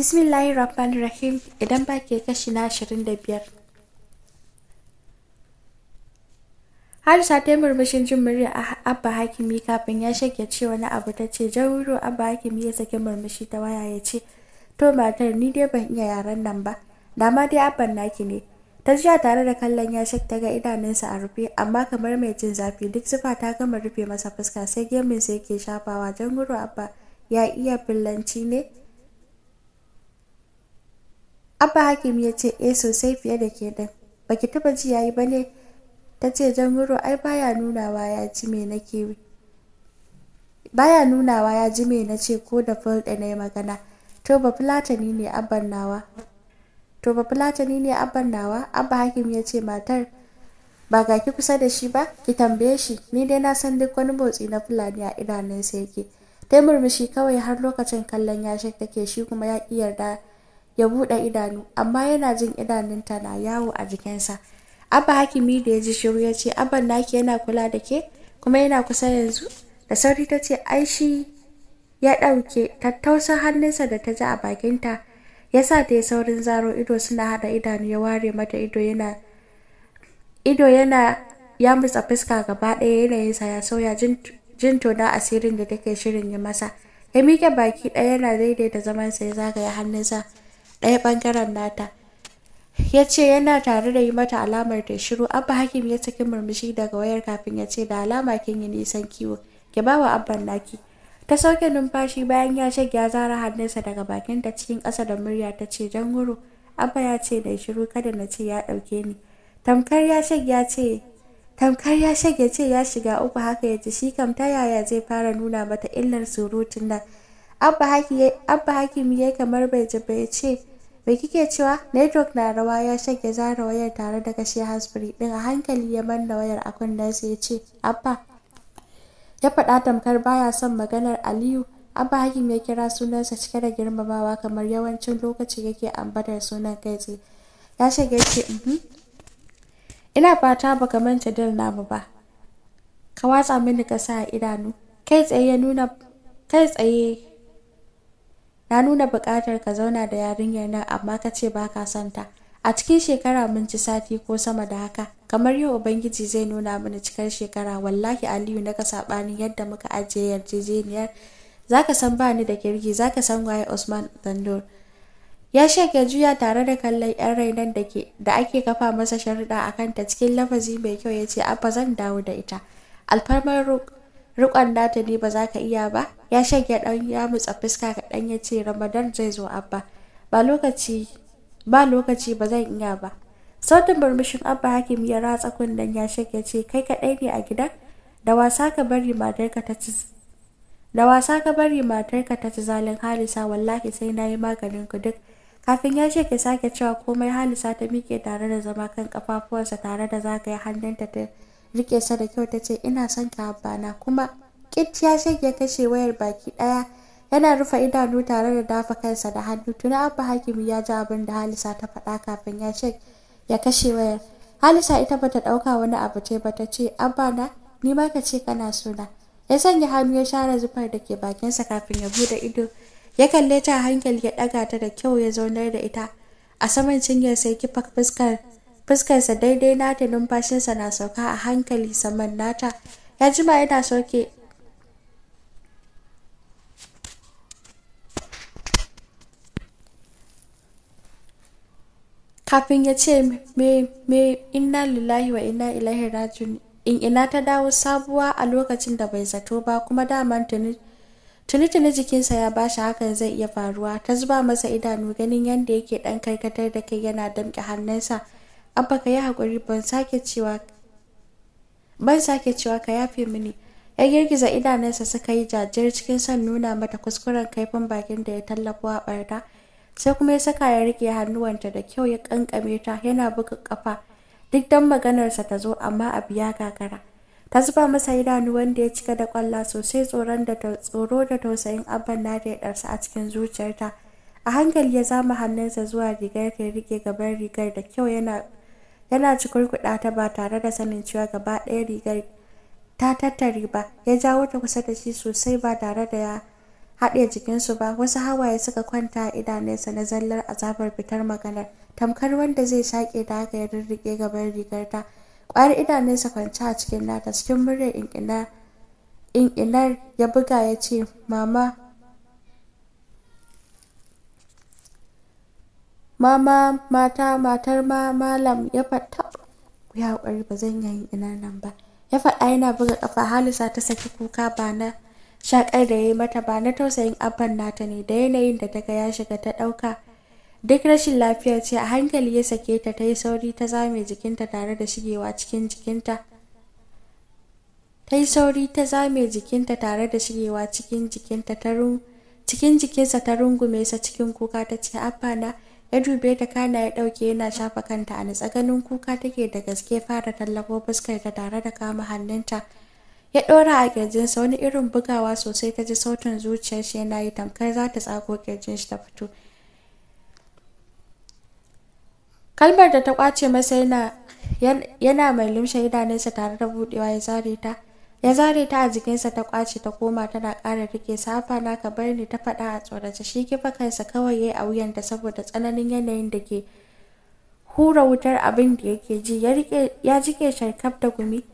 Bismillahir Rahmanir Rahim idan ba ke kashi na 25. sa ta yi murmushin jin murya Abba Hakimi kafin ya shake ce wani abu ta ce jaruro Abba Hakimi ya saki murmushi ta waya ya ce to matar ni dai ban iya yaren nan ba dama dai abban naki ne ta jiya tare da kallon ya shak ta ga idanunsa a rufe amma kamar mai jin zafi duk zufa ta gama rufe masa fuska sai gemin sa yake shafawa janguro Abba ya iya fillanci ne abba hakim ya ce eh sosai fiye da ke ɗin baki taba ji yayi ba ne ta ce wuro ai baya nunawa ya ji me nake baya nunawa ya ji me na ce ko da fulɗe na yi magana to ba filatani ne abban nawa to ba fulatani ne abban nawa abba hakim ya ce matar ba ga ki kusa da shi ba ki tambaye shi ni dai na san duk wani motsi na fulani a idanunsa yake dai murmushi kawai har lokacin kallon yashin take shi kuma ya ƙi yarda ya bude idanu amma yana jin idanunta na yawo a jikinsa abba hakimi da ya ji shiru ya ce abban naki yana kula da ke kuma yana kusa yanzu da sauri ta ce ai shi ya ɗauke tattausan hannunsa da ta ji a bakinta ya sa ta yi saurin zaro ido suna hada idanu ya ware mata ido yana ido yana ya mutsa fuska gaba ɗaya yanayinsa ya sauya jin tona asirin da take shirin yi masa ya miƙe baki ɗaya yana daidaita zamansa ya zagaya hannunsa ɗaya ɓangaren nata ya ce yana tare da yi mata alamar ta shiru abba hakim ya saki murmushi daga wayar kafin ya ce da alama kin yi nisan kiwo ki wa abban naki ta sauke numfashi bayan ya shige ya zara hannunsa daga bakinta cikin ƙasa da murya ta ce jan wuro abba ya ce da shiru kada na ce ya ɗauke ni tamkar ya shige ya ce tamkar ya shige ce ya shiga uku haka ya ji shi kam ta yaya zai fara nuna mata illar surutun nan abba hakim ya kamar bai ji bai ce me kike cewa network na rawa ya shake zara wayar tare da kashe hasbury ɗin a hankali ya manna wayar a kunnensa ya ce abba ya faɗa tamkar baya son maganar aliyu abba hakim ya kira sunansa cike da girmamawa kamar yawancin lokaci yake ambatar sunan kai tsaye ya shige ce mhm. ina fata baka manta dal namu ba ka watsa mini kasa a idanu kai tsaye ya nuna kai tsaye na nuna buƙatar ka zauna da yarinyar nan amma ka ce ba ka son ta a cikin shekara mun ci sati ko sama da haka kamar yau ubangiji zai nuna mana cikar shekara wallahi aliyu na ga saɓanin yadda muka ajiye yarjejeniyar zaka san ba ni da kirki zaka san waye usman dandur ya shake juya tare da kallon yan rainan da ake kafa masa sharuɗa a kanta cikin lafazi mai kyau ya ce abba zan dawo da ita alfarmar rukon nata ne ba za ka iya ba ya shanya dan ya mutsa fuska kaɗan ya ce ramadan zai zo abba ba lokaci ba lokaci ba zan iya ba sautin murmushin abba hakim ya ratsa kunnen ya shanya ce kai kaɗai ne a gida da wasa ka bari matarka ta ci da wasa ka bari ka ta ci zalin halisa wallahi sai nayi maganin ku duk kafin ya ce sake cewa komai halisa ta mike tare da zama kan kafafuwarsa tare da zagaye hannunta ta rike sa da kyau ta ce ina son ka na kuma Kit ya shagya kashe wayar baki ɗaya yana rufe idanu tare da dafa kansa da hannu tuni abba hakimi ya ji abin da halisa ta faɗa kafin ya shek ya kashe wayar halisa ita bata ɗauka wani abu ce bata ce abba na ni ma ka ce kana suna ya sanya hannu ya share zufar da ke bakinsa kafin ya bude ido ya kalle ta hankali ya ɗaga ta da kyau ya zaunar da ita a saman cinyar sai kifa fuskar fuskarsa daidai nata numfashinsa na sauka a hankali saman nata ya jima yana soke kafin ya ce me me inna lillahi wa inna ilaihi rajiun in ina ta dawo sabuwa a lokacin da bai zato ba kuma daman tuni tuni jikinsa ya bashi hakan zai iya faruwa ta zuba masa idanu ganin yadda yake dan karkatar da kai yana damƙe hannunsa abba ka yi haƙuri ban sake cewa ban sake cewa ka yafe mini ya girgiza idanunsa suka yi jajir cikin son nuna mata kuskuren kaifin bakin da ya tallafo a barna sai kuma ya saka ya rike hannuwanta da kyau ya kankame ta yana buga kafa duk dan maganarsa ta zo amma a biya gagara ta zuba masa idanu wanda ya cika da kwalla sosai tsoron da tsoro da tausayin abban na da ya ɗarsa a cikin zuciyarta a hankali ya zama hannunsa zuwa rigar ta rike gaban rigar da kyau yana yana cikurkuɗa ta ba tare da sanin cewa gaba ɗaya rigar ta tattare ba ya jawo ta kusa da shi sosai ba tare da ya haɗe jikinsu ba wasu hawaye suka kwanta idanunsa na zallar azabar fitar maganar tamkar wanda zai shaƙe da haka ya rirriƙe gaban rigarta ƙwayar idanunsa kwanci a cikin nata cikin muryar inƙinar ya buga ya ce mama mama mata matar ma malam ya faɗa ya ƙwari ba zan yi inar nan ba ya faɗa yana buga ƙafa halisa ta saki kuka ba na shakar da ya yi mata ba na tausayin abban nata ne da yanayin da ta ga ya shiga ta ɗauka duk rashin lafiya ce a hankali ya sake ta ta yi sauri ta zame jikinta tare da shigewa cikin jikinta ta yi sauri ta zame jikinta tare da shigewa cikin jikinta ta cikin jikinsa ta rungume sa cikin kuka ta ce abba na ya dube ta kana ya ɗauke yana shafa kanta a ganin kuka take da gaske fara tallafo fuskar ta tare da kama hannunta ya ɗora a ƙirjinsa wani irin bugawa sosai ta ji sautin zuciyar shi yana yi tamkar za ta tsago ƙirjin shi ta fito kalmar da ta kwace masa yana mai lumshe idanunsa tare da budewa ya zare ta ya zare ta a jikinsa ta kwace ta koma tana ƙara rike safa na ka bar ni ta faɗa a tsorace shi kifa kansa kawai yayi a ta saboda tsananin yanayin da ke hura wutar abin da yake ji ya jike sharkaf da gumi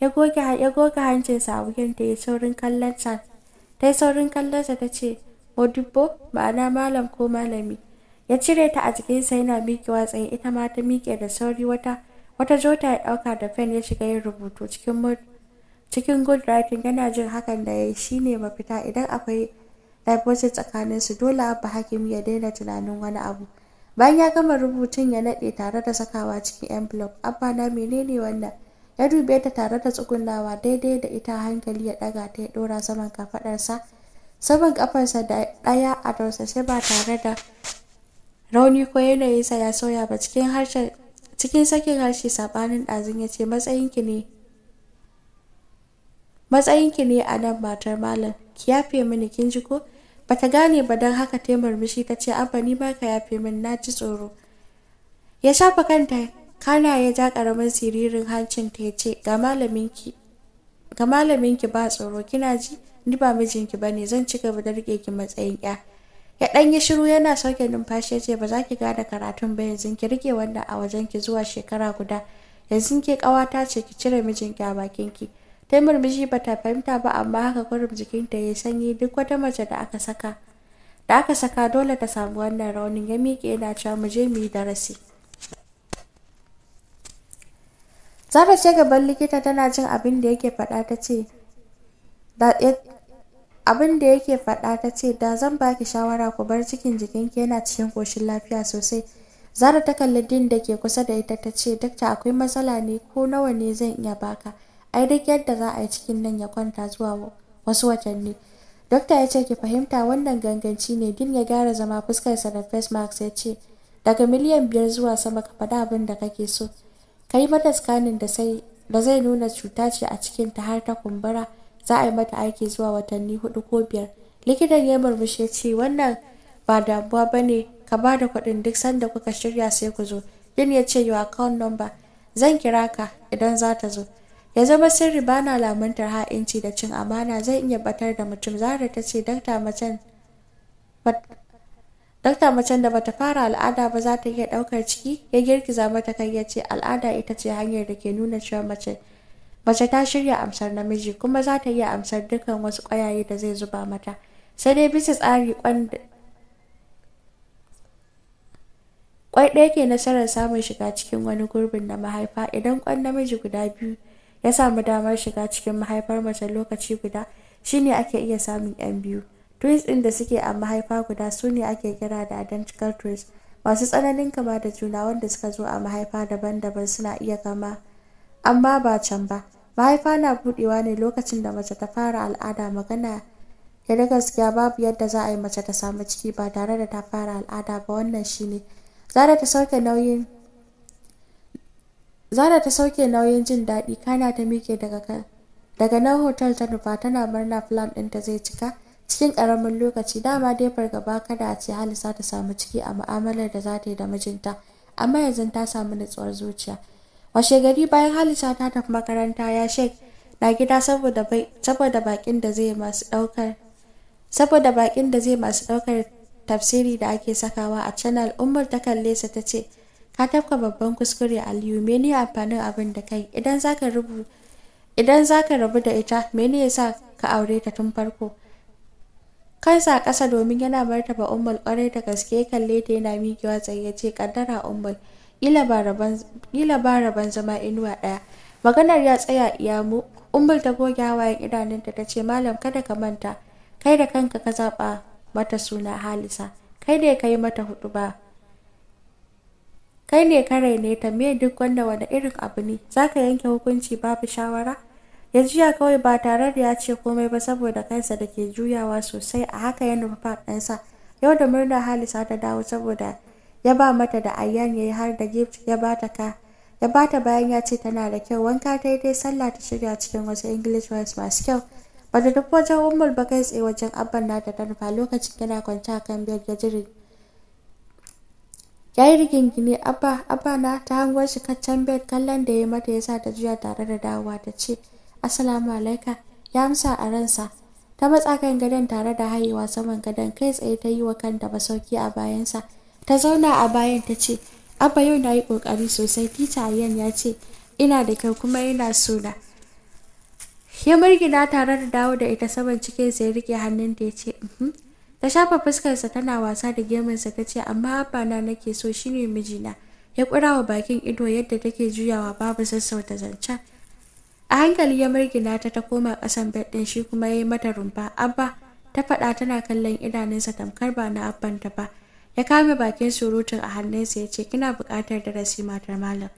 ya goge ya goge hancinsa a ta ya saurin kallon ta ta yi saurin kallon sa ta ce modibbo ma'ana malam ko malami ya cire ta a jikinsa yana miƙewa tsaye ita ma ta miƙe da sauri wata wata jota ya ɗauka da fen ya shiga yin rubutu cikin cikin good writing yana jin hakan da ya yi shine mafita idan akwai tsakanin tsakaninsu dole abba hakim ya daina tunanin wani abu bayan ya gama rubutun ya naɗe tare da sakawa cikin envelope abba na menene wannan ya dube ta tare da tsugunawa daidai da ita hankali ya daga ta ya dora saman kafaɗarsa saman kafarsa da ɗaya a sai ba tare da rauni ko sa ya sauya ba cikin harshe cikin sakin harshe sabanin ɗazun ya ce matsayinki ne matsayinki ne a nan matar malam ki yafe mini kin ji ko bata gane ba dan haka ta murmushi ta ce abba ni ka yafe min na ji tsoro ya shafa kanta kana ya ja karamin siririn hancin ta ya ce ga malamin ki ba tsoro kina ji ni ba mijinki ba ne zan ci gaba da rike ki matsayin ya ya dan yi shiru yana sauke numfashi ya ce ba za ki gane karatun ba yanzu ki rike wannan a wajen ki zuwa shekara guda yanzu ke kawata ce ki cire mijinki a bakin ki ta murmushi ba ta fahimta ba amma haka kurum ta ya sanyi duk wata mace da aka saka da aka saka dole ta samu wannan raunin ya miƙe yana cewa mu je mu yi darasi Zara ce gaban likita tana jin abin da yake faɗa ta ce abin da yake faɗa ta ce da zan baki shawara ku bar cikin jikinki yana cikin koshin lafiya sosai zara ta kalli din da ke kusa da ita ta ce dakta akwai matsala ne ko nawa ne zan iya baka ai duk yadda za a yi cikin nan ya kwanta zuwa wasu watanni dakta ya ce ki fahimta wannan ganganci ne din ya gyara zama fuskarsa da face mask ya ce daga miliyan biyar zuwa sama ka faɗa abin da kake so ka yi mata scanning da sai zai nuna cuta ce a cikin ta har ta kumbura za a yi mata aiki zuwa watanni hudu ko biyar likitan ya murmushe ce wannan ba damuwa ba ne ka ba da kuɗin duk sanda kuka shirya sai ku zo yin ya ce yiwa account number zan kira ka idan za ta zo ya zama sirri ba na lamuntar ha'inci da cin amana zai iya batar da mutum zara ta ce dakta macen dokta macen da bata fara al'ada ba za ta iya ɗaukar ciki ya girgiza mata kai ya ce al'ada ita ce hanyar da ke nuna cewa mace mace ta shirya amsar namiji kuma za ta iya amsar dukkan wasu ƙwayaye da zai zuba mata sai dai bisa tsari kwai ɗaya ke nasarar samun shiga cikin wani gurbin na mahaifa idan kwan namiji guda biyu ya samu damar shiga cikin mahaifar mace lokaci guda shine ake iya samun yan biyu Trees ɗin da suke a mahaifa guda su ne ake kira da identical trees, masu tsananin kama da juna wanda suka zo a mahaifa daban-daban suna iya kama, amma ba can ba. Mahaifa na buɗewa ne lokacin da mace ta fara al'ada magana ya da gaskiya babu yadda za a yi mace ta samu ciki ba tare da ta fara al'ada ba wannan shine. Zara ta sauke nauyin Zara ta sauke nauyin jin daɗi kana ta miƙe daga nan hotel ta nufa tana murna plan ɗinta zai cika. cikin ƙaramin lokaci dama dai fargaba kada a ce halisa ta samu ciki a mu'amalar da za ta yi da mijinta amma yanzu ta samu nutsuwar zuciya washe gari bayan halisa ta tafi makaranta ya shek na gida saboda saboda bakin da zai masu daukar saboda bakin da zai masu daukar tafsiri da ake sakawa a channel umar ta kalle sa ta ce ka tafka babban kuskure aliyu mene amfanin abin da kai idan zaka rubu idan zaka rabu da ita mene yasa ka aure ta tun farko kansa a ƙasa domin yana martaba umar kwarai da gaske kalle ta yana miƙewa tsaye ya ce kaddara umar kila ba rabon zama inuwa ɗaya maganar ya tsaya iya mu umar ta goge hawayen idanunta ta ce malam kada ka manta kai da kanka ka zaɓa mata suna halisa kai ne ka yi mata hudu ba kai ne ka raine ta me duk wanda wani irin abu ne za ka yanke hukunci babu shawara ya jiya kawai ba tare da ya ce komai ba saboda kansa da ke juyawa sosai a haka ya nufi fadansa yau da murna halisa ta dawo saboda ya ba mata da ayyan ya yi har da gift ya ba ta ka ya ba ta bayan ya ce tana da kyau wanka ta yi dai sallah ta shirya cikin wasu english words masu kyau ba ta duk wajen umar ba kai tsaye wajen abban na ta tanfa lokacin yana kwance a kan biyar da jiri ya yi rigingine abba abba na ta hangon shi kaccan bed kallon da ya mata ya sa ta juya tare da dawowa ta ce assalamu alaika ya amsa a ransa ta matsa kan gadon tare da hayewa saman gadon kai tsaye ta yi wa kanta masauki a bayansa ta zauna a bayan ta ce abba yau na yi kokari sosai tita ayyan ya ce ina da kyau kuma ina suna ya murgina tare da dawo da ita saman cikinsa ya rike hannun da ya ce uhm. ta shafa fuskarsa tana wasa da gemunsa ta ce amma abba na nake so shine mijina ya kura wa bakin ido yadda take juyawa babu sassauta zancen a hankali ya murgina ta ta koma ƙasan bed ɗin shi kuma ya yi mata rumfa abba ta faɗa tana kallon idanunsa tamkar ba na abbanta ba ya kame bakin surutun a hannunsa ya ce kina buƙatar darasi matar malam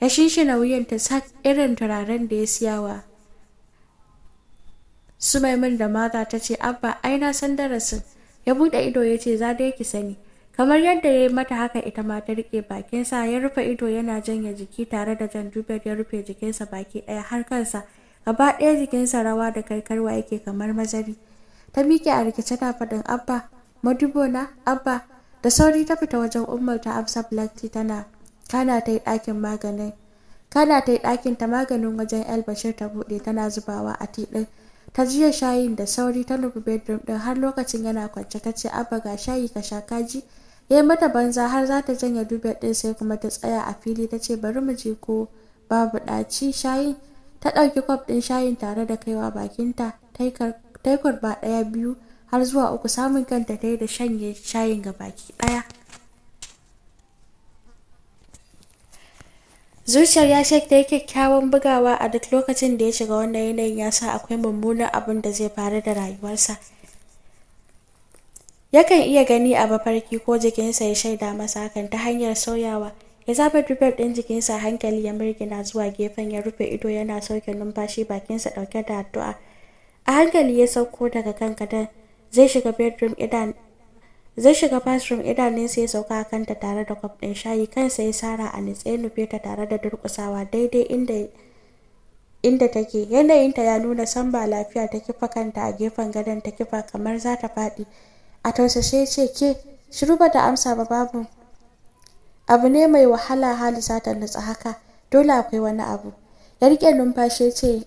ya shinshina wuyan ta sak irin turaren da ya siya wa su maimun da mata ta ce abba ai na san darasin ya buɗe ido ya ce za da ki sani kamar yadda ya yi mata haka ita ma ta riƙe bakinsa ya rufe ido yana janye jiki tare da jan dubiyar ya rufe jikinsa baki ɗaya har kansa gaba ɗaya jikinsa rawa da karkarwa yake kamar mazari ta miƙe a rikice ta faɗin abba madubo na abba da sauri ta fita wajen ummar ta amsa black tana kana ta yi ɗakin maganin kana ta yi ɗakin ta maganin wajen el bashir ta buɗe tana zubawa a tiɗin ta jiya shayin da sauri ta nufi bedroom din har lokacin yana kwance ta ce abba ga shayi ka sha kaji ya yi mata banza har za ta janye dubiyar din sai kuma ta tsaya a fili ta ce bari mu je ko babu ɗaci shayin ta ɗauki kwaf ɗin shayin tare da kaiwa bakinta ta yi kurba ɗaya biyu har zuwa uku samun kanta ta yi da shanye shayin ga baki ɗaya. Zuciyar ya shek da kyakkyawan bugawa a duk lokacin da ya shiga wannan yanayin ya sa akwai mummunan abin da zai faru da rayuwarsa. Yakan iya gani a bafarki ko jikinsa ya shaida masa hakan ta hanyar sauyawa. Ya zaba dubar ɗin jikinsa hankali ya mirgina zuwa gefen ya rufe ido yana sauke numfashi bakinsa ɗauke da addu'a. A hankali ya sauko daga kan kadan zai shiga bedroom idan zai shiga bathroom idanunsa ya sauka a kanta tare da kwaf ɗin shayi kansa ya sara a nitse nufe ta tare da durƙusawa daidai inda inda take ta ya nuna san ba lafiya ta kifa kanta a gefen gadon ta kifa kamar za ta faɗi a tausashe ce ke shiru ba da amsa ba babu abu ne mai wahala hali ta nutsa haka dole akwai wani abu ya numfashe numfashi ce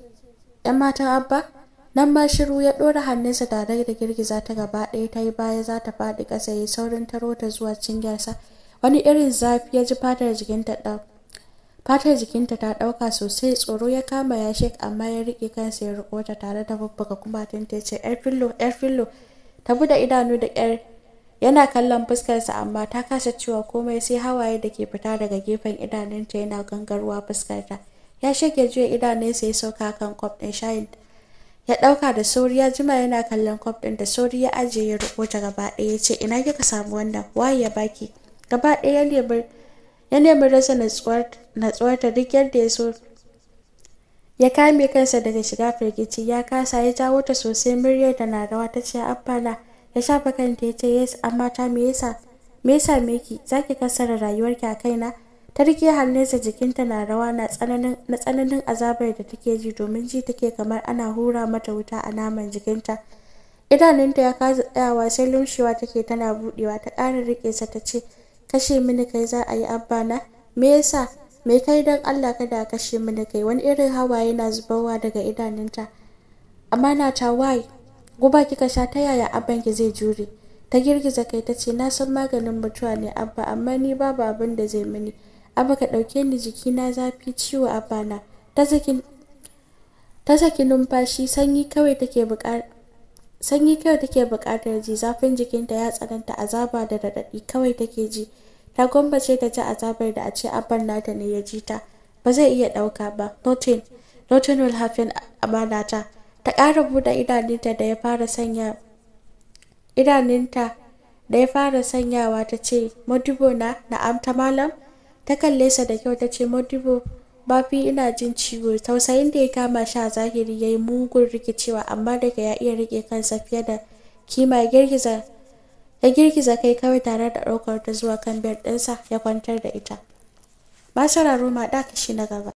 yan matan abba nan ma shiru ya ɗora hannunsa tare da girgiza ta gaba ɗaya ta yi baya za ta faɗi ƙasa ya yi saurin taro ta zuwa cingarsa wani irin zafi ya ji fatar jikinta ta ɗauka sosai tsoro ya kama ya shek amma ya riƙe kansa ya riƙo tare da bubbuga kuma ta ce yar fillo yar fillo ta buɗe idanu da yar yana kallon fuskarsa amma ta kasa cewa komai sai hawaye da ke fita daga gefen idanunta yana gangarwa fuskarta ya shek ya juya idanunsa ya sauka kan kwaf ɗin shayin ya ɗauka da sauri ya jima yana kallon kwaf ɗin da sauri ya ajiye ya rubo ta gaba ɗaya ya ce ina kika samu wannan waye ya baki gaba ɗaya ya nemi rasa natsuwar ta duk yadda ya so ya kame kansa daga shiga firgici ya kasa ya jawo ta sosai muryar da na rawa ta ce abbana ya shafa kanta ya ce yes amma ta me yasa me yasa meki zaki kasara rayuwarki a kaina ta rike hannunsa jikinta na rawa na tsananin azabar da take ji domin ji take kamar ana hura mata wuta a naman jikinta idanunta ya kasa tsayawa sai lumshewa take tana budewa ta ƙara rike sa ta ce kashe mini kai za a yi abana me yasa me kai don allah kada kashe mini kai wani irin hawaye na zubarwa daga idanunta na ta wai guba kika sha ta yaya ki zai jure ta girgiza kai ta ce na san maganin mutuwa ne abba amma ni babu abin da zai mini abu ka ɗauke ni jikina zafi ciwo a bana ta saki numfashi sanyi kawai take buƙatar sanyi kawai take buƙatar ji zafin jikinta ya tsananta azaba da raɗaɗi kawai take ji ta gwambace ta ji azabar da a ce abban nata ne ya ji ta ba zai iya ɗauka ba notin notin will happen amana ta ta ƙara buɗe idanunta da ya fara sanya idanunta da ya fara sanyawa ta ce modibo na na'am ta malam ta kalle sa da kyau ta ce modibo fi ina jin ciwo tausayin da ya kama shi a zahiri ya yi mugun rikicewa amma daga ya iya rike kansa fiye da kima ya girgiza kai kawai tare da ɗaukar ta zuwa kan biyar ɗinsa ya kwantar da ita. Masara Roma ma ɗa na gaba.